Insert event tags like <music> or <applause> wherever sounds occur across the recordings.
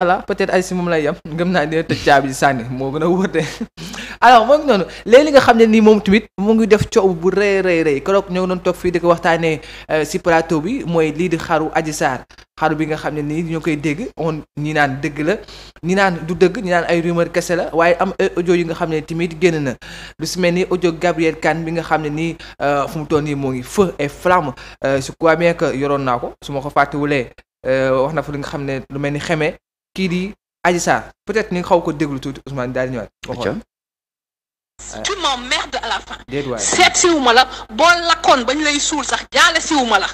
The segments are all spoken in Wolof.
voilà peut-être ay si moom lay yem gëm naa dina tëj caabi sànni moo gën a wóote alors moom li nga xam ne nii moom tamit mu ngi def coow bu rëy rëy rëy keroog ñoo toog fii di ko waxtaanee euh, si plateau bi mooy lii di xaru Adji Sarr xaru bi nga xam ne nii ñoo koy dégg ñi naan dëgg ñi naan du dëgg ñi naan ay rumeur kese la waaye am ay audio yi nga xam ne tamit génn na lu si mel ni audio Gabriel Kane bi nga xam ne nii euh, fu mu toll nii moo ngi feu et flamme euh, je crois yoroon naa ko su ma ko fàttewulee wax na fa li nga xam ne lu mel ni xeme kii di Adji Sarr peut ni xaw ko déglu tuuti Ousmane daal di ñëwaat. waxoon tu m'emmerdes à la seet siwuma la boo lakkoon bañ lay suul sax jaale siwuma la.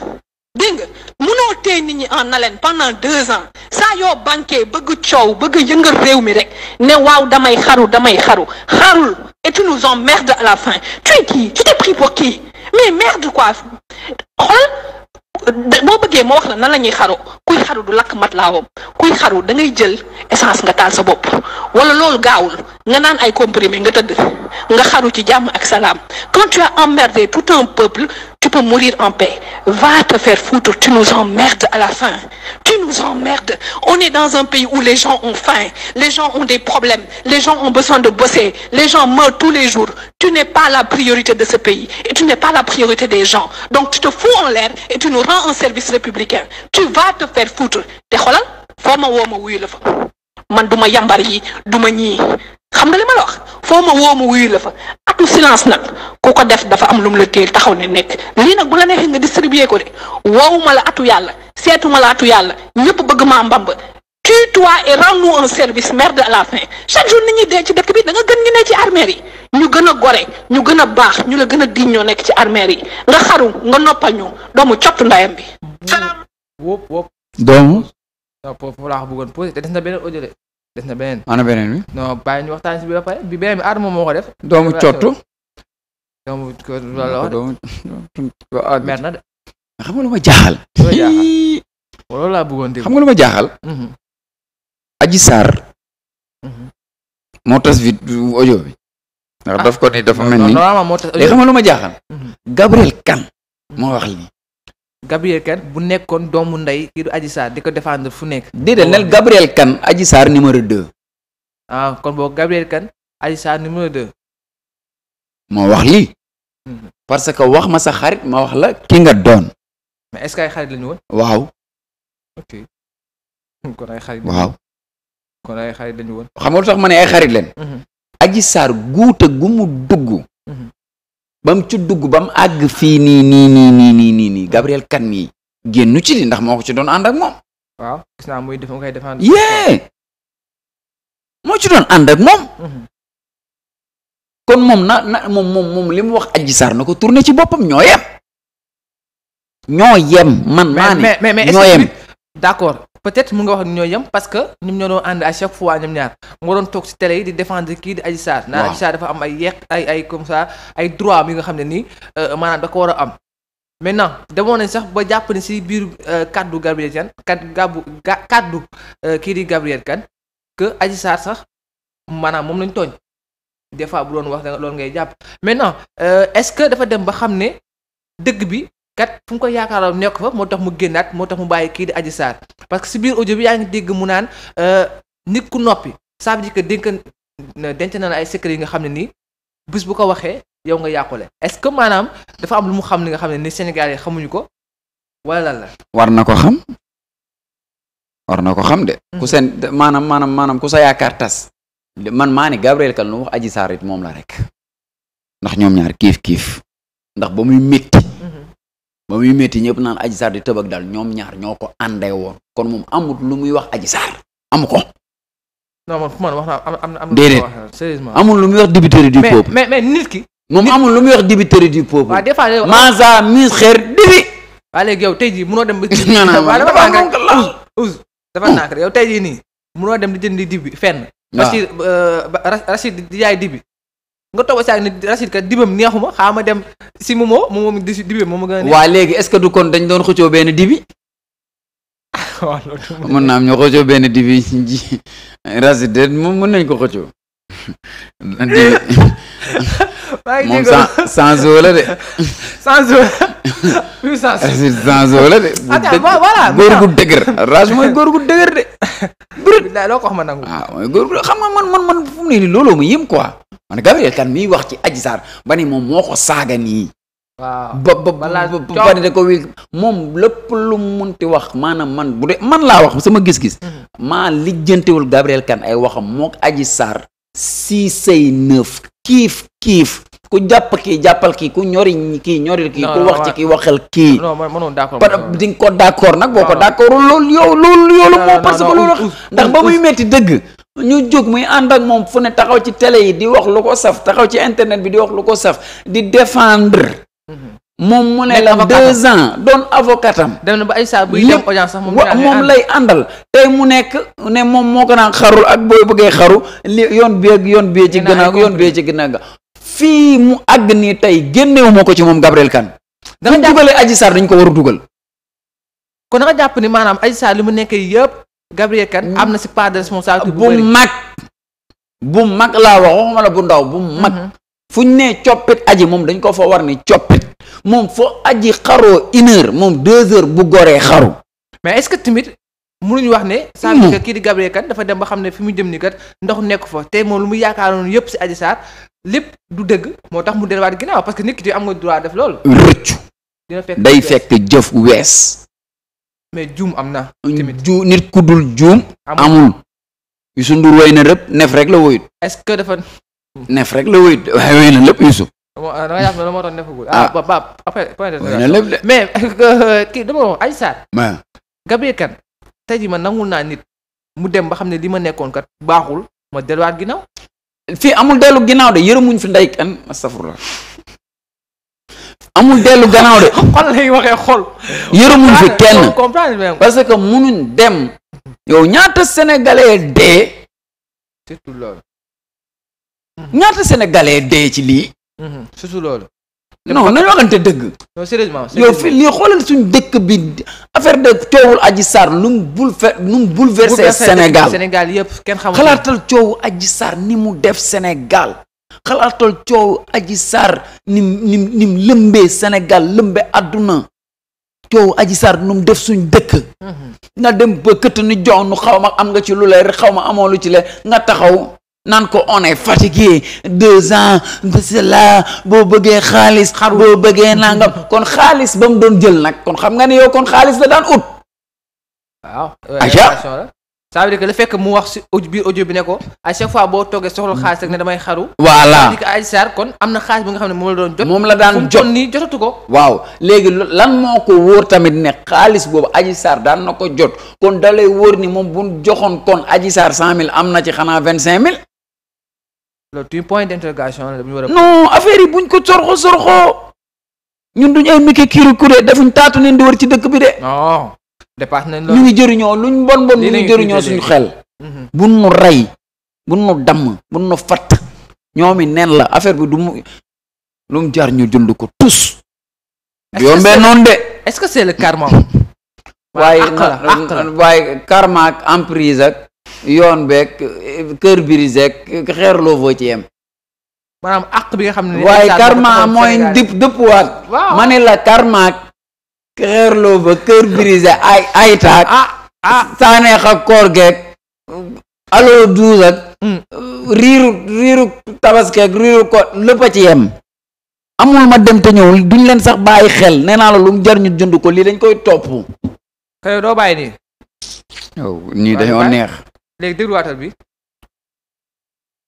dégg nga munoo téye nit ñi en haleine pendant deux ans saa yoo banqué bëgg coow bëgg yëngal réew mi rek ne waaw damay xaru damay xaru xarul et tu nous emmerdes à la fin tu es qui tu pris pour qui mais merde quoi xool. boo bëggee ma wax la nan la ñuy xaru kuy xaru du lakk matlaawam kuy xaru da ngay jël essence nga taal sa bopp wala loolu gaawul nga naan ay comprimé nga tëdd nga xaru ci jàmm ak salaam quand tu as emmerdé tout un peuple tu peux mourir en paix. Va te faire foutre, tu nous emmerdes à la fin. Tu nous emmerdes. On est dans un pays où les gens ont faim, les gens ont des problèmes, les gens ont besoin de bosser, les gens meurent tous les jours. Tu n'es pas la priorité de ce pays et tu n'es pas la priorité des gens. Donc tu te fous en l'air et tu nous rends un service républicain. Tu vas te faire foutre. Te xoolal foo ma woo ma wuyu la fa. man du ma yambar yi du ma ñii xam nga li ma la wax foo ma woo ma wuyu la fa atu silence nag ku ko def dafa am lu mu la téye taxaw ne nekk lii nag bu la neexee nga distribuer ko de woowu la atu yàlla seetuma ma la atu yàlla ñëpp bëgg maa mbamb tue-toi et rends-nous service merde à la fin chaque jour nit ñi dee ci dëkk bi da gën ñu ne ci armeer yi ñu gën a gore ñu gën a baax ñu la gën a diñ nekk ci armeer yi nga xaru nga noppal ñu doomu cottu ndayam bi. salaam. wóob wóob. laa ko bëggoon posé na benn des na beneen ana beneen bi non bàyyi bi ba pare bi beneen bi aadama moo ko def doomu cottu doomu na de xam nga lu ma jaaxal loolu laa bëggoon dégg xam nga ma jaaxal mm-hmm. aji saar mm-hmm. moo tas vid audio bi ndax ah. daf ko ni dafa mel ni léegi xam ma jaaxal mm-hmm. Gabriel Kane moo wax lii Gabriel Kane bu nekkoon doomu ndey kii du Adji di ko défendre fu nekk. déedéet nel Gabriel Kane Adji Sarr numéro 2. ah kon boo Gabriel Kane Adji Sarr numéro 2. moo wax li hmm. parce que wax ma sa xarit ma wax la ki nga doon. mais est-ce que ay xarit lañu woon. waaw. ok <laughs> kon ay xarit. waaw tax ma ne ay xarit leen. Hmm. Adji Sarr guute gu mu dugg. Hmm. ba mu ci dugg ba mu àgg fii nii nii nii nii nii nii nii Gabriel Kane mii génnu ci li ndax moo ko ci doon ànd ak moom. waaw gis naa muy def nga koy défendre. yee moo ci doon ànd moom. Mhm. kon moom na na moom moom wax Adji Sarr na ko tourné ci boppam ñoo yem. ñoo yem man. maa ne ñoo yem. peut-être mun nga wax ni ñoo yem parce que ñoom ñoo doon ànd à fois ñoom ñaar moo doon toog ci télé yi di défendre kii di Adji Sarr naan Adji Sarr dafa am ay yeeq ay ay comme ça ay droit mi nga xam ne nii euh, maanaam da ko war a am maintenant demoon nañ sax ba jàpp ne si biir euh, kaddu Gabriel Kane kaddu gabu euh, kaddu kii di Gabriel Kane que Adji Sarr sax maanaam moom lañ tooñ des fois bu doon wax loolu ngay jàpp maintenant est-ce que dafa dem ba xam ne dëgg bi kat fu mu ko yaakaaroon nekk fa moo tax mu génnaat moo tax mu bàyyi kii di Adji Sarr parce que si biir audio bi yaa ngi dégg mu naan euh, nit ku noppi ça veut dire que dénk denc ay secret yi nga xam ne nii bis bu ko waxee yow nga yàqule est-ce que maanaam dafa am lu mu xam li nga xam ne ni Sénégal xamuñu ko wala lan la. war na ko xam war na ko xam de. Mm-hmm. ku seen maanaam maanaam maanaam ku sa yaakaar tas. man maa ne Gabriel Kane lu wax Adji Sarr moom la rek. ndax ñoom ñaar kiif kiif ndax ba ba muy métti ñëpp naan aj Sarr di tëbak daal ñoom ñaar ñoo ko àndee woon kon moom amut lu muy wax Adji Sarr amu ko. non ma wax naa am am déedéet sérieusement amul lu muy wax dibiteri du peuple. mais mais nit ki. moom amul lu muy wax dibiteri du peuple. waaw des fois Mansa mis xeer dibi. waaw léegi yow tey jii munoo dem ba. <laughs> dafa nànk rek dafa nànk rek yow tey jii nii munoo dem di jëndi dibi fenn. waaw Rachid euh, Rachid di jaay dibi. nga toog saa ne Rachid kat dibam neexuma xaama dem si Momo moom di dibam moom gën a. waa léegi est-ce que du kon dañ doon xëccoo benn dibi. <laughs> waaw loolu mën naa am ñoo xëccoo dibi <laughs> ji Rachid de moom mën nañ ko xëccoo. <laughs> moom sans eau la de. sans eau la. Rachid sans dëgër Rachid mooy góor gu dëgër de. bëri loo ko xam nangu. Ah, waaw mooy góor gu xam nga man man man looloo ma yëm quoi. man Gabriel Kane miy wax ci Adji Sarr ba ni moom moo ko saaga nii. waaw balaa ba ba da ko wi moom lépp lu munti wax maanaam man bu dee man laa wax sama gis-gis. Mhm. maa lijjantewul Gabriel kan ay waxam mook Adji Sarr six say neuf kiif kiif ku jàpp kii jàppal kii ku ñori kii ñoril kii ku wax ci kii waxal kii. non man di nga ko d' nag boo ko d' accordul loolu yow loolu yoolu moo parce que loolu ndax ba muy metti dëgg. ñu jóg muy ànd ak moom fu ne taxaw ci télé yi di wax lu ko saf taxaw ci internet bi di wax lu ko saf di défendre. Mm-hmm. moom mu ne la deux ans doon avocat am. dem na ba ay saa buy dem audience sax moom lay àndal tey mu nekk ne moom moo gën a xarul ak bëggee xaru li yoon bi ak yoon bi ci gën yoon bi ci gën fii mu àgg nii tey génnewu ko ci moom Gabriel Kane. dafa dugalee Adji dañ ko war a dugal. kon jàpp ni maanaam Adji Sarr mu nekkee yëpp. Gabriel Kane am na si part de responsabilité ah, bu mag bu mag laa wax waxuma bu ndaw bu mag mhm. fu ñu nee coppit aji moom dañ koo fa war ni coppit moom foo aji xaroo une heure moom deux heures bu goree xaru mais est-ce que tamit mënuñu wax ne ça veut dire kii di Gabriel Kane dafa dem ba xam ne fi mu jëm ni kat ndox nekk fa te moom lu mu noonu yëpp si Adji Sarr lépp du dëgg moo tax mu delluwaat ginnaaw parce que nit ki am nga droit def loolu rëccu day fekk jëf wees mais juum am na. ju nit ku dul juum. amul Youssou Ndour woy na rëpp neef rek la woyut. est-ce que dafa. rek la woyut waaye woy na lépp Youssou. Ah. Ah, ba ba mais <laughs> euh, kii dama wax Adji Sarr. waaw ma nangu naa nit mu dem ba xam ne li ma nekkoon kat baaxul ma delluwaat ginnaaw. fii amul dellu ginnaaw de yërëmuñ fi ndey kan astafurlah. amul dellu gannaaw de. <laughs> xol lay waxee xol. yërëmuñ fi kenn parce que mu munuñ dem. yow ñaata sénégalais dee. Mhm. ñaata sénégalais dee ci lii. Mhm. surtout loolu. non nañu waxante dëgg. non sérieusement yow fi lii xoolal suñ dëkk bi affaire de coowul Adji Sarr lu mu boulfe lu mu Sénégal yëpp kenn xamul xalaatal coowu Adji Sarr ni mu def Sénégal. xalaatal coow aji saar nim nim lëmbee Sénégal lëmbe àdduna coow aji sar num def suñ dëkk mm-hmm. nga dem ba këtt ni jox nu xaw ma am nga ci lu leer xaw ma amoo lu ci leer nga taxaw naan ko on est fatigué deux ans de boo bëggee xaalis boo bëggee nga mm-hmm. kon xaalis ba mu doon jël nag kon xam nga ne yow kon xaalis la daan ut waaw aja ça veut dire que le mu wax si audio biir audio bi ne ko à chaque fois boo toogee soxla xaalis rek ne damay xaru. voilà di ko Adji Sarr kon am na xaalis bi nga xam ne moom la doon jot. moom la daan jot nii jotatu ko. waaw léegi lan moo ko wóor tamit ne xaalis boobu Adji Sarr daan na ko jot kon da lay ni moom bu joxoon kon Adji Sarr cent mille am na ci xanaa vingt cinq mille. loolu tuy point d'interrogation la bu ñu a. non affaire buñ ko sorxo sorxo ñun duñ ay Miki Kiri Kouré defuñ taatu neen di wër ci dëkk bi de. non. dépassé nañ loolu ñu ngi jëriñoo luñ bon bon ñu jëriñoo suñu xel. Mhm. bu nu rey bu nu damm bu nu fatt ñoomi nen la affaire bi du mu lu mu jar ñu jund ko tous. yombee noonu ce que c'est le waaye waaye karma ak ak yoon beeg kër brisé ak xeer loo foo waaye karma mooy dëpp dëppuwaat. waaw ma ne kër loo ba kër brisé ay ay taag. ah, ah. ak koor geek aloo duus hmm. ak. riiru riiru tabaskeeg riiru ko lépp ci yem. amul ma dem te ñëwul duñ leen sax bàyyi xel nee naa la lu mu jar ñu jënd ko lii dañ koy topp. xëy doo bàyyi nii. waaw ñii dañoo neex. léegi dégluwaatal bi.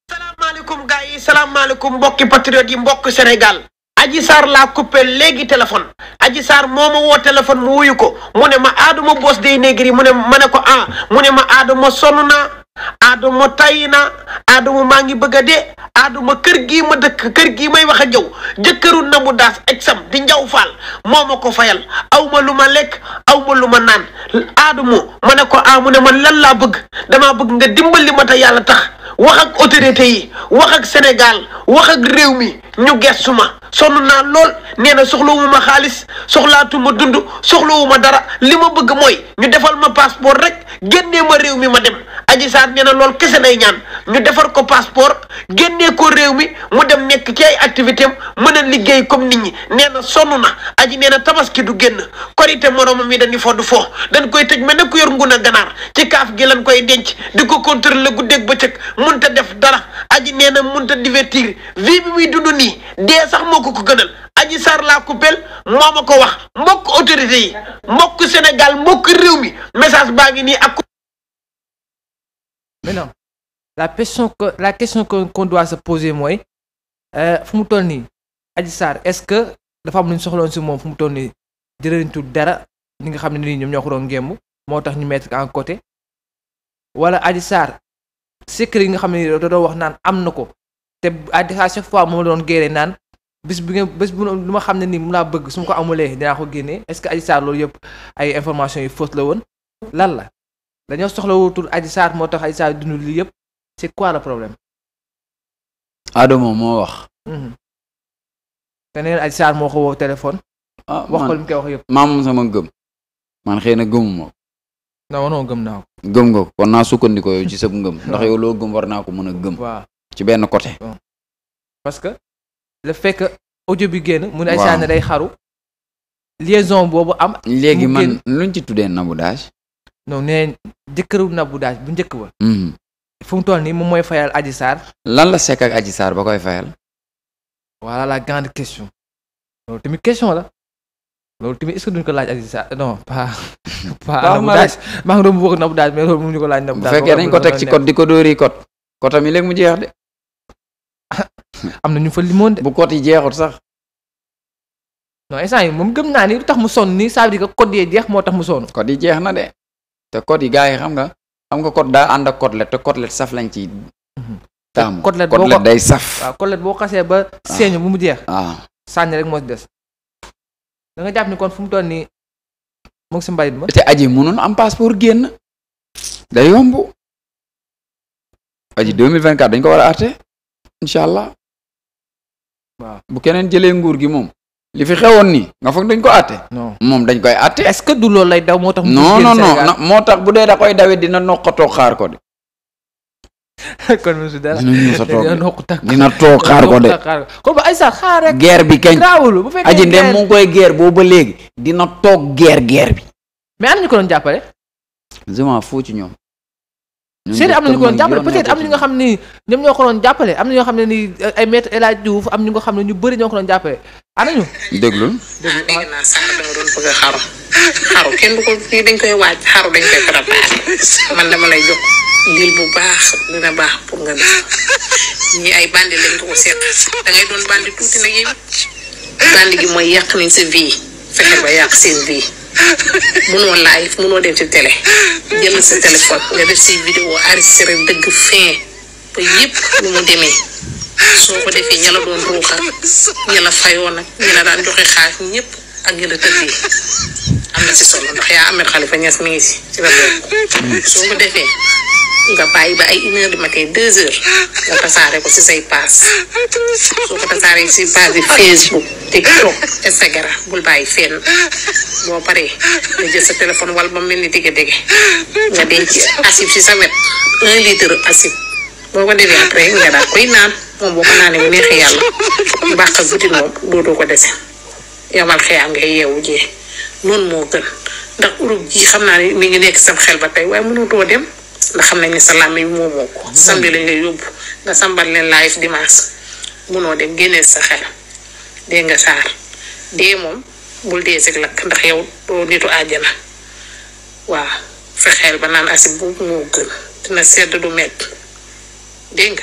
salaamaaleykum gars yi mbokki patriote yi mbokk Sénégal. Adji saar laa coupé léegi téléphone aji saar moo ma woo téléphone mu wuyu ko mu ne ma Adama Boss Dey néegri mu ne ma ne ko ah mu ne ma Adama sonn naa Adama tay na Adama maa ngi bëgg a dee Adama kër gi ma dëkk kër gii may wax a jëw jëkkëru na mu daas exam di njaw faal moo ma ko fayal aw ma lu ma lekk aw ma lu ma naan Adama ma ne ko ah mu ne ma lan laa bëgg damaa bëgg nga dimbali ma te yàlla tax wax ak autorité yi wax ak Sénégal wax ak réew mi ñu gestu ma sonn naa lool nee na soxlawu ma xaalis soxlaatuma ma dund soxlawu dara li ma bëgg mooy ñu defal ma passeport rek génnee ma réew mi ma dem aji Sarr nee na lool kese lay ñaan ñu defar ko passeport génnee ko réew mi mu dem nekk ci ay activité mën a liggéey comme nit ñi nee na sonn na aji nee na tabaski du génn korite moromam yi dañuy fodd foo dañ koy tëj mel ne ku yor ngun a ganaar ci kaaf gi lañ koy denc di ko contrôler guddeeg bëccëg mun ta def dara aji nee na mun ta divertir vie bi muy dund nii dee sax moo ko ko gënal Adji Sarr la coupelle moo ma ko wax mbokk autorité yi mbokk Sénégal mbokk réew mi message baa ngi nii ak maintenant la question que la question que qu'on doit se mooy euh, fu mu toll nii Adji Sarr est-ce que dafa am lu ñu soxloon si moom fu mu toll nii jërëriñtul dara ñi nga xam ne nii ñoom ñoo ko doon gémm moo tax ñu mettre en côté wala Adji Sarr secret yi nga xam ne nii wax naan am na ko te Adji Sarr chaque fois moom la doon géere naan bis bi nga bis bu lu ma xam ne nii mu laa bëgg su ma ko amulee dinaa ko génnee est-ce que Adji loolu yëpp ay information yu fausse la woon lan la dañoo soxlawutul Adji Sarr moo tax Adji saar dund li yëpp c'est quoi le problème. Adamo moo wax. Mhm. te neen Adji Sarr moo ko woo téléphone. ah wax ko li mu koy wax yëpp. maam moom sama gëm. man xëy na gëmuma ko. non non gëm naa ko. gëm nga ko war naa sukkandikoo yow ci sa ngëm ndax yow loo gëm war naa ko mën a gëm. waaw ci benn côté. parce que la fekk ojo audio bi génn. mu ne Adji Sarr ne day xaru. liaison boobu am. léegi man luñ ci tuddee nabotage. non nee jëkkëru Nabou Dash bu njëkk ba. Mhm. fu mu toll nii moom mooy fayal aji saar lan la sekk ak Adji Sarr ba koy fayal. voilà la grande question loolu tamit question la loolu tamit est ce que duñ ko laaj Adji Sarr non pas. <laughs> pas Nabou Dash maa ngi doon bëgg Nabou Dash mais ko laaj. Nabou Dash fekkee dañ ko teg ci code di ko dóori code code mi mu jeex de. <laughs> am na ñu fa limoon de. bu code yi jeexut sax. non instant yi moom gëm naa ni lu tax mu sonn nii ça veut dire que code yi jeex moo tax mu sonn. code yi jeex na de. te code yi gars yi xam nga xam nga code daa ànd ak côtelette te côtelette saf lañ ci mhm. taamu côtelette day saf waaw côtelette boo xasee ba ah. seeñu bu mu jeex waaw ah. sànni rek moo ci des da nga jàpp ni kon fu mu toll nii mu ngi si mbalit ma te mu mënoon am passeport génn day yomb aji 2024 hmm. dañ ko war a àtte incha allah waaw bu keneen jëlee nguur gi moom li fi xewoon nii nga foog dañ ko àtte. moom dañ koy àtte. est-ce que du loolu lay daw moo tax. mu non non non moo tax bu dee da koy dawee dina noqatoo xaar ko de. <laughs> kon monsieur Dara dina toog xaar ko de. kon ba Aïssa xaar rek. bi kañ raawul bu fekkee aji ndem mu ngi koy guerre boobu ba léegi dina toog ger guerre bi. mais am na ñu ko doon jàppale. vraiment foo ci ñoom. seede am na ñu ko na ñu nga xam ni ñoom ñoo ko doon jàppale am na ñoo xam ne ni ay maître El Hadj am ñu nga xam ne ñu bëri ñoo ko doon jàppale anañu déglul ah, dégg naa sànq danga kenn du dañ koy waaj xaru dañ koy préparé man dama lay jox ngir bu baax baax pour nga def ñi ay bandi lañ dangay doon bandi tuuti nag yow bandi gi mooy yàq nañ sa vie fexe ba yàq seen vie munoo live munoo dem ci télé jël sa téléphone nga def si vidéo enregistré dëgg fin ba yëpp lu ma demee soo ko defee ña la doon ruux ak ña fayoon ak ña daan joxe xaalis ñëpp ak ña la tëddee am na si solo ndax yaa Ahmed Khalifa Niass mi ngi si soo ko bàyyi ba ay une heure du matin deux ko si say paas soo ko tasaaree si paas yi Facebook TikTok Instagram bul bàyyi fenn boo paree nga jël sa téléphone wal ba mel ni dégg-dégg nga denc asib si sa wet un asib. boo ko defee après nga daal koy naan moom boo ko naanee bu neexee yàlla bàq butit moom dootoo ko dese yamal xëyaam nga yeewu jee noonu moo gën ndax urub ji xam naa ne mi ngi nekk sam xel ba tey waaye mënutoo dem xam nañ ne sa moo moo ko lay yóbbu nga sambal leen live dimanche munoo dem génneel sa xel dee nga saar dee moom bul dee si lakk ndax yow doo nitu àjjana waaw fexeel ba naan asib boobu moo gën dina sedd du mett dégg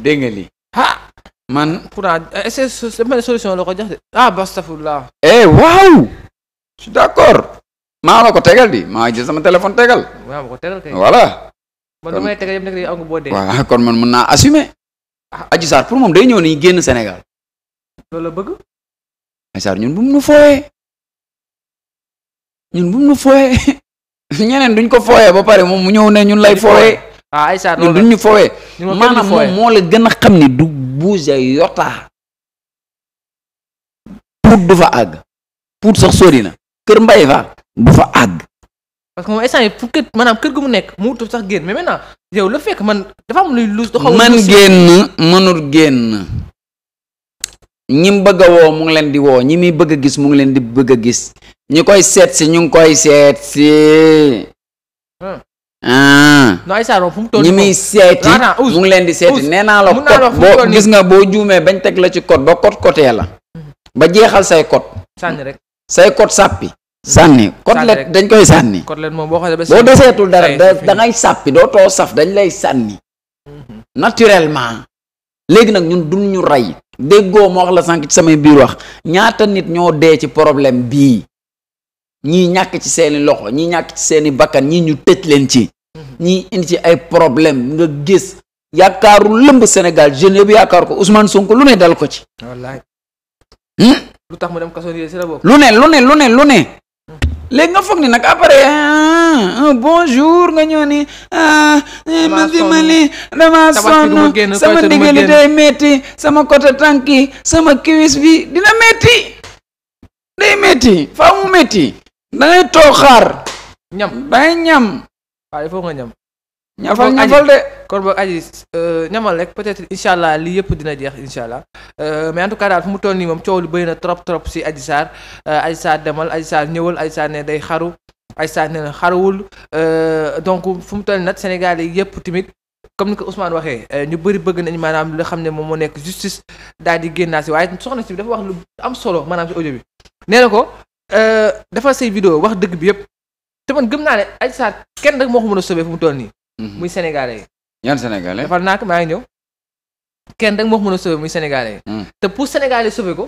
nga man pourtant est ce solution la ko jox de ah eh, waaw. je suis maa la tegal di maa jël sama téléphone tegal. waaw ma ko tegal kay. voilà. kon man damay tegal yëpp nekk nga boo dee. voilà kon man mën naa assumer. ah Adji Sarr moom day ñëw ni génn Sénégal. loolu la bëgg. Adji Sarr ñun bu nu fooyee. ñun bu nu fooyee. <laughs> su ñeneen duñ ko fooyee ba pare moom mu ñëw ne ñun lay fooyee ah Aïssa loolu duñ ñu fooyee maanaam moom moo la gën a xam ni du buuse yotaa puut du fa àgg puut sax sori na kër mbay fa du fa àgg parce que moom instant yi pour kër maanaam kër gu mu nekk mu utub sax génn mais maintenant yow la fekk man dafa am luy luus man génn mënul génn ñim bëgg a woo mu ngi leen di woo ñi muy bëgg a gis mu ngi leen di bëgg a gis ñi koy seet si ñu ngi koy seet si. Hmm. ah ñi muy seeti mu ngi leen di seeti nee naa la code boo gis nga boo juumee bañ teg la ci code ba code cotee la ba jeexal say code sànni rek say code sàppi sànni côtelette hmm. dañ koy sànni boo deseetul dara da ngay sàppi doo too saf dañ lay sànni hmm. naturellement léegi nag ñun duñ ñu rey déggoo ma wax la sànq ci samay biir wax ñaata nit ñoo dee ci problème bii ñii ñàkk ci seeni loxo ñii ñàkk ci seeni bakkan ñii ñu tëj leen ci ñii indi ci ay problème nga gis yaakaaru lëmb Sénégal jeune yëpp yaakaar ko Ousmane Sonko lu ne dal ko ci. wallaay. Hmm? lu tax mu dem kaso lu ne lu ne lu ne lu ne léegi nga foog ni nag après un bonjour nga ñëw ni ah. Eh, ma dimbali dama sonn sama ndigal li day metti sama côté tànk yi sama kiwis bi dina metti day metti faaw metti da ngay toog xaar. ñam da ñam. ñafal ñafal de kon boog aji euh, ñamal rek peut-être incha allah lii yëpp dina jeex incha allah euh, mais en tout cas daal fu mu toll nii moom coow li bëri na trop trop si aji saar euh, aji saar demal aji ñëwal aji saar ne day xaru aji saar ne xaruwul donc fu mu toll nii nag Sénégal yi yëpp tamit comme ni ko Ousmane waxee ñu bëri bëgg nañ maanaam li xam ne moom moo nekk justice daal di génnaa si waaye soxna si dafa wax lu am solo maanaam si audio bi nee na ko defal say vidéo wax dëgg bi yëpp te man gëm naa ne aji saar kenn rek moo ko mën a sobee fu mu toll nii Mm-hmm. muy sénégalais yi. ñaan sénégalais dafa naag maa ngi ñëw. kenn rek moo mën a sauver muy sénégalais yi. Mm. te pour sénégalais sauver ko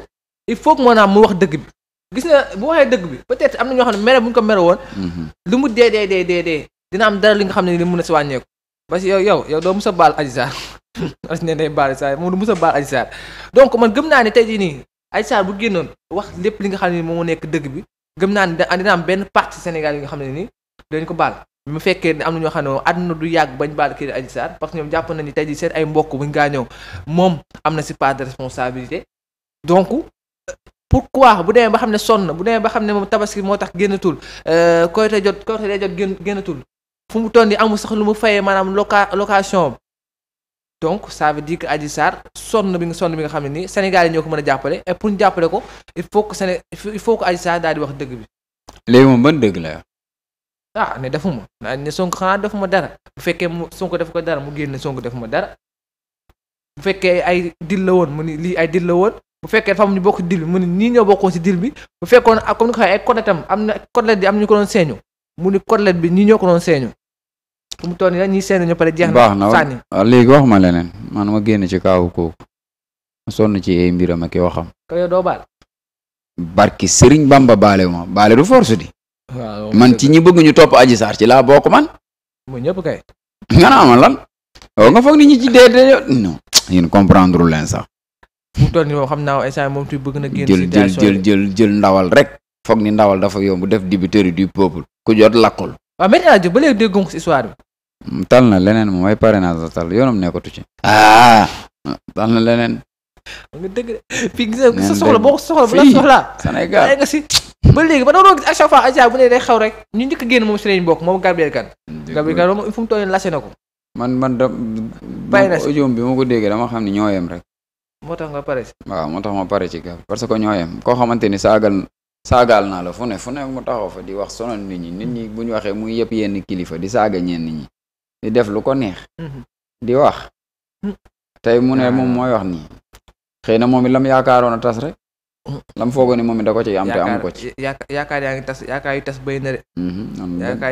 il faut que maanaam mu wax dëgg bi. gis nga bu waxee dëgg bi peut-être am na ñoo xam ne mere bu ñu ko woon. Mm-hmm. lu mu dee dee dee dee dee dina am dara li nga xam ne li mun na si wàññeeku. parce que yow yow yow doo mus a baal Adji Sarr as ne day baal Adji Sarr moom du mus a baal Adji Sarr donc man gëm naa ne tey jii nii Adji bu génnoon wax lépp li nga xam ne nii moo nekk dëgg bi gëm naa ne dina am benn partie Sénégal yi nga xam ne nii dañ ko baal mu fekkee ne am na ñoo xam ne moom àdduna du yàgg bañ baal kii di Adji Sarr parce que ñoom jàpp nañu tey seen ay mbokk buñ gaañoo moom am na si part de responsabilité donc pourquoi bu demee ba xam ne sonn bu demee ba xam ne moom tabaski moo tax génnatul euh, Korité jot Korité day jot génnatul fu mu toll nii amul sax lu mu fayee maanaam loca location donc ça veut dire que Adji Sarr sonn bi nga sonn bi nga xam ne nii Sénégal yi ñoo ko mën a jàppale et pour ñu jàppale ko il faut que Séné di wax dëgg bi. léegi moom ban dëgg la. ah ne defuma ah, ne Sonko xanaa defuma dara bu fekkee mu Sonko def ko dara mu génn Sonko defuma dara bu fekkee ay dil la woon mu ni lii ay dil la woon bu fekkee dafa am ñu bokk dil bi mu ni nii ñoo bokkoo si dil bi bu fekkoon ak comme ni ko waxee ay côteletam am na côtelette bi ñu ko seeñu mu ni côtelette bi ñii ñoo ko doon seeñu fu mu toll nii ñii seeñu ñu pare jeex na sànni ah, léegi wax ma leneen man ma génn ci kaawu kooku ma sonn ci ay mbiram ak yoo xam. yow doo baal. barki Serigne Bamba baale du force di. man ci ñi bëgg ñu topp aji Sarr ci laa bokk man. mu ñëpp kay. nga naa ma lan. waaw nga foog ni ñi ci dee dee non. yéen comprendre leen sax. mu toll nii moom xam naa moom tuy bëgg na génn jël jël jël jël ndawal rek. foog ni ndawal dafa bu def dibiteri du peuple. ku jot lakkul. waaw a Diop ba léegi déggoon si histoire bi. tal na leneen moom ay parrainage tal yoonam nekkatu ci. ah tal na leneen. nga dëgg sa soxla boo soxla Sénégal ba léegi ba doon gis à chaque fois bu ne day xaw rek ñu njëkk a génn moom si lañ bokk moom Gabriel Kane Gabriel Kane moom na ko man man da bàyyi na si bi ma ko déggee dama xam ne ñooyem rek moo tax nga pare moo tax ma pare parce que ñooyem koo xamante ni saagal saagaal naa la fu ne fu ne taxaw fa di wax sonal nit ñi nit ñi bu ñu waxee muy yëpp yenn kilifa di saaga ñeen nit ñi di def lu ko neex mm-hmm. di wax mm-hmm. tey mu ne ah. moom mooy wax nii xëy na moom it lam yaakaaroon a tas rek lam foogoo ni moom it da ko ci am te amu ko ci yaa ngi tas yaakaar yu tas bëy na de mhm, yaakaar